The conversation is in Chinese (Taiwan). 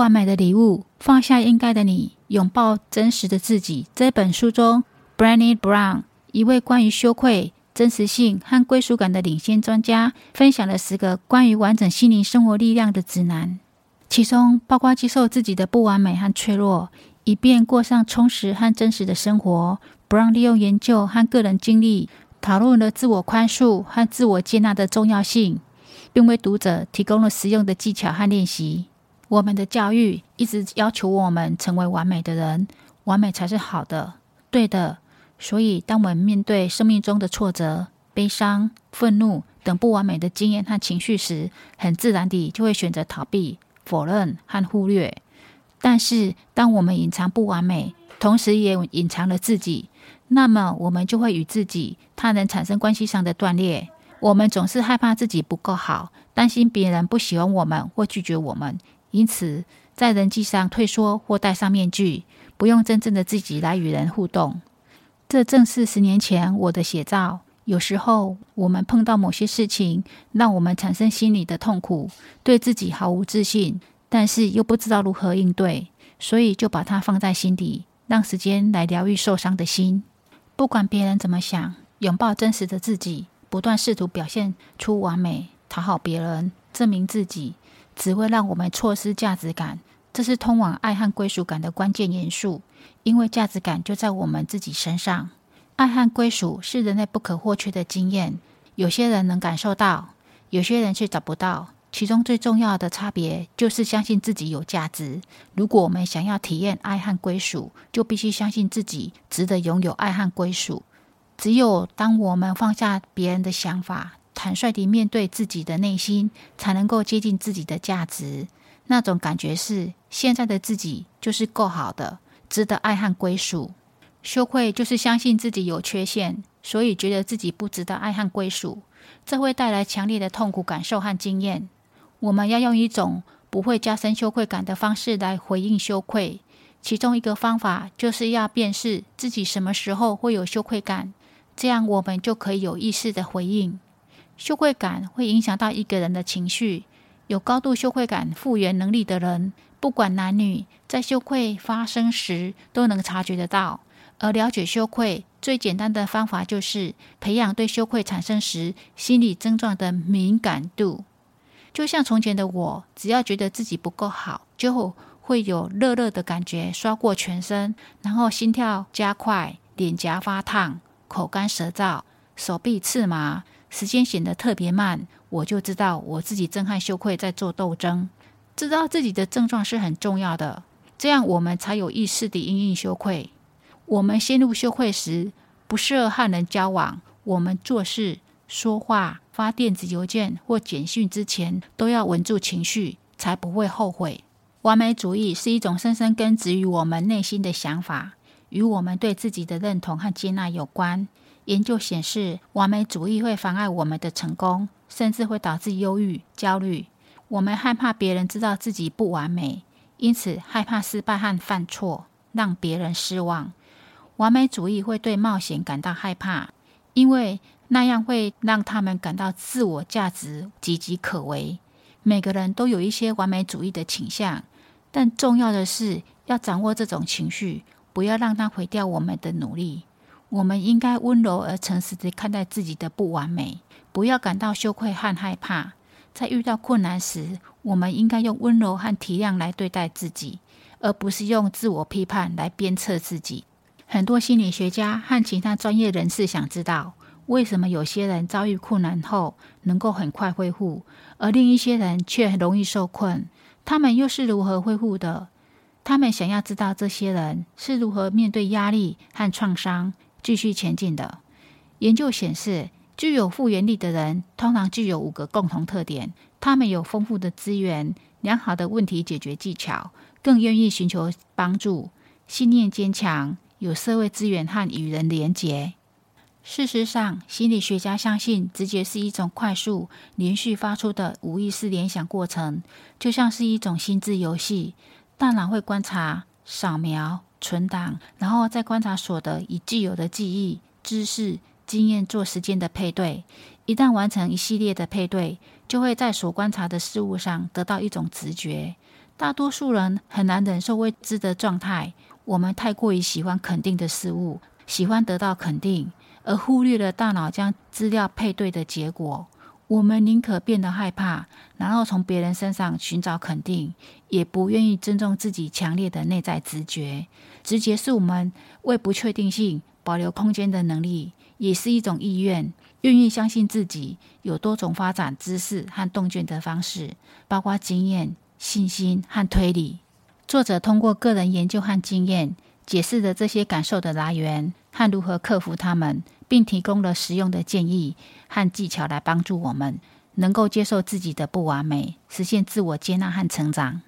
不完美的禮物，放下應該的你，擁抱真實的自己。這本書中，Brene Brown，一位關於羞愧、真實性和歸屬感的領先專家，分享了十個關於完整心靈生活力量的指南，其中包括接受自己的不完美和脆弱，以便過上充實和真實的生活。Brown 利用研究和個人經歷，討論了自我寬恕和自我接納的重要性，並為讀者提供了實用的技巧和練習。我們的教育一直要求我們成為完美的人，完美才是好的、對的。所以，當我們面對生命中的挫折、悲傷、憤怒等不完美的經驗和情緒時，很自然地就會選擇逃避、否認和忽略。但是，當我們隱藏不完美，同時也隱藏了自己，那麼我們就會與自己、他人產生關係上的斷裂。我們總是害怕自己不夠好，擔心別人不喜歡我們或拒絕我們。因此，在人際上退縮或戴上面具，不用真正的自己來與人互動。這正是十年前我的寫照。有時候，我們碰到某些事情，讓我們產生心理的痛苦，對自己毫無自信，但是又不知道如何應對，所以就把它放在心底，讓時間來療癒受傷的心。不管別人怎麼想，擁抱真實的自己，不斷試圖表現出完美，討好別人，證明自己。只會讓我們錯失價值感，這是通往愛和歸屬感的關鍵因素。因為價值感就在我們自己身上。愛和歸屬是人類不可或缺的經驗。有些人能感受到，有些人卻找不到。其中最重要的差別就是相信自己有價值。如果我們想要體驗愛和歸屬，就必須相信自己值得擁有愛和歸屬。只有當我們放下別人的想法，坦率地面對自己的內心，才能夠接近自己的價值。那種感覺是，現在的自己就是夠好的，值得愛和歸屬。羞愧就是相信自己有缺陷，所以覺得自己不值得愛和歸屬，這會帶來強烈的痛苦感受和經驗。我們要用一種不會加深羞愧感的方式來回應羞愧。其中一個方法就是要辨識自己什麼時候會有羞愧感，這樣我們就可以有意識地回應。羞愧感會影響到一個人的情緒。有高度羞愧感復原能力的人，不管男女，在羞愧發生時都能察覺得到。而了解羞愧最簡單的方法，就是培養對羞愧產生時心理症狀的敏感度。就像從前的我，只要覺得自己不夠好，就會有熱熱的感覺刷過全身，然後心跳加快，臉頰發燙，口乾舌燥，手臂刺麻。時間顯得特別慢，我就知道我自己正和羞愧在做鬥爭。知道自己的症狀是很重要的，這樣我們才有意識地因應羞愧。我們陷入羞愧時，不適合和人交往。我們做事、說話、發電子郵件或簡訊之前，都要穩住情緒，才不會後悔。完美主義是一種深深根植於我們內心的想法，與我們對自己的認同和接納有關。研究顯示，完美主義會妨礙我們的成功，甚至會導致憂鬱、焦慮。我們害怕別人知道自己不完美，因此害怕失敗和犯錯，讓別人失望。完美主義會對冒險感到害怕，因為那樣會讓他們感到自我價值岌岌可危。每個人都有一些完美主義的傾向，但重要的是要掌握這種情緒，不要讓它毀掉我們的努力。我們應該溫柔而誠實地看待自己的不完美，不要感到羞愧和害怕。在遇到困難時，我們應該用溫柔和體諒來對待自己，而不是用自我批判來鞭策自己。很多心理學家和其他專業人士想知道，為什麼有些人遭遇困難後能夠很快恢復，而另一些人卻很容易受困？他們又是如何恢復的？他們想要知道這些人是如何面對壓力和創傷。繼續前進的研究顯示，具有復原力的人通常具有五個共同特點：他們有豐富的資源、良好的問題解決技巧，更願意尋求幫助，信念堅強，有社會資源和與人連結。事實上，心理學家相信直覺是一種快速、連續發出的無意識聯想過程，就像是一種心智遊戲。大腦會觀察、掃描。存檔，然後再觀察所得，以既有的記憶、知識、經驗做時間的配對。一旦完成一系列的配對，就會在所觀察的事物上得到一種直覺。大多數人很難忍受未知的狀態，我們太過於喜歡肯定的事物，喜歡得到肯定，而忽略了大腦將資料配對的結果。我們寧可變得害怕，然後從別人身上尋找肯定，也不願意尊重自己強烈的內在直覺。直覺是我們為不確定性保留空間的能力，也是一種意願，願意相信自己有多種發展知識和洞見的方式，包括經驗、信心和推理。作者通過個人研究和經驗，解釋了這些感受的來源和如何克服它們，並提供了實用的建議和技巧來幫助我們能夠接受自己的不完美，實現自我接納和成長。